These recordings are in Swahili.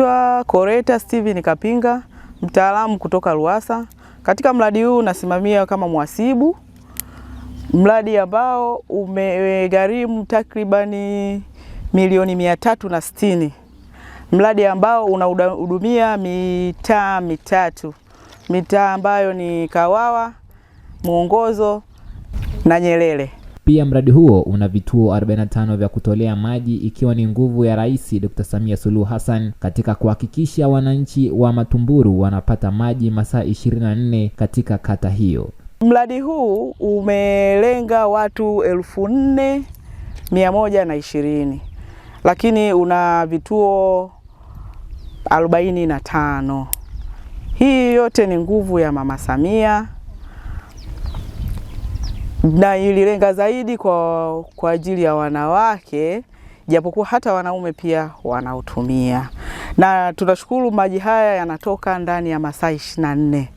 Naitwa Koreta Steven Kapinga, mtaalamu kutoka Ruwasa. Katika mradi huu nasimamia kama mhasibu, mradi ambao umegharimu takribani milioni mia tatu na sitini, mradi ambao unahudumia mitaa mitatu, mitaa ambayo ni Kawawa, Mwongozo na Nyerere. Pia mradi huo una vituo 45 vya kutolea maji ikiwa ni nguvu ya Rais Dr. Samia Suluhu Hassan katika kuhakikisha wananchi wa Matumburu wanapata maji masaa 24 katika kata hiyo. Mradi huu umelenga watu elfu nne mia moja na ishirini lakini una vituo 45 Hii yote ni nguvu ya Mama Samia na ililenga zaidi kwa, kwa ajili ya wanawake japokuwa hata wanaume pia wanautumia, na tunashukuru maji haya yanatoka ndani ya masaa ishirini na nne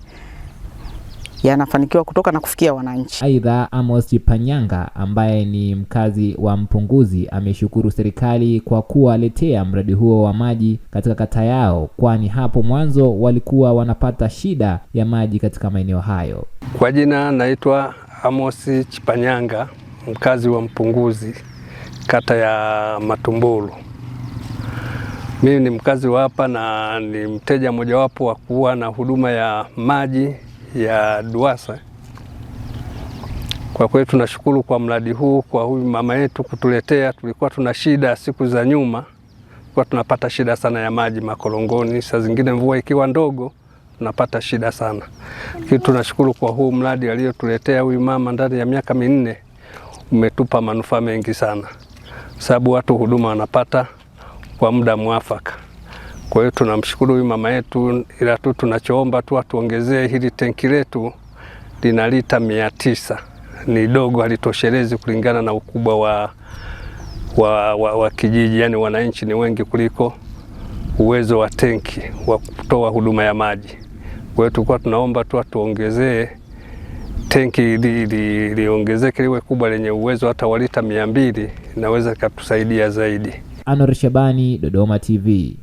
yanafanikiwa kutoka na kufikia wananchi. Aidha, Amos Panyanga ambaye ni mkazi wa Mpunguzi ameshukuru serikali kwa kuwaletea mradi huo wa maji katika kata yao, kwani hapo mwanzo walikuwa wanapata shida ya maji katika maeneo hayo. Kwa jina naitwa Amosi Chipanyanga, mkazi wa Mpunguzi, kata ya Matumbulu. Mimi ni mkazi wa hapa na ni mteja mojawapo wa kuwa na huduma ya maji ya DUWASA. Kwa kweli tunashukuru kwa mradi huu, kwa huyu mama yetu kutuletea. Tulikuwa tuna shida siku za nyuma, kwa tunapata shida sana ya maji makolongoni, saa zingine mvua ikiwa ndogo tunapata shida sana, lakini tunashukuru kwa huu mradi aliyotuletea huyu mama ndani ya miaka minne umetupa manufaa mengi sana, sababu watu huduma wanapata kwa muda mwafaka. Kwa hiyo tunamshukuru huyu mama yetu, ila tu tunachoomba tu atuongezee hili tenki letu lina lita mia tisa ni dogo, halitoshelezi kulingana na ukubwa wa, wa, wa, wa kijiji. Yani wananchi ni wengi kuliko uwezo wa tenki wa kutoa huduma ya maji. Kwa hiyo tulikuwa tunaomba tu atuongezee tenki liongezeke liwe kubwa lenye uwezo hata wa lita mia mbili inaweza ikatusaidia zaidi. Anwar Shabani, Dodoma TV.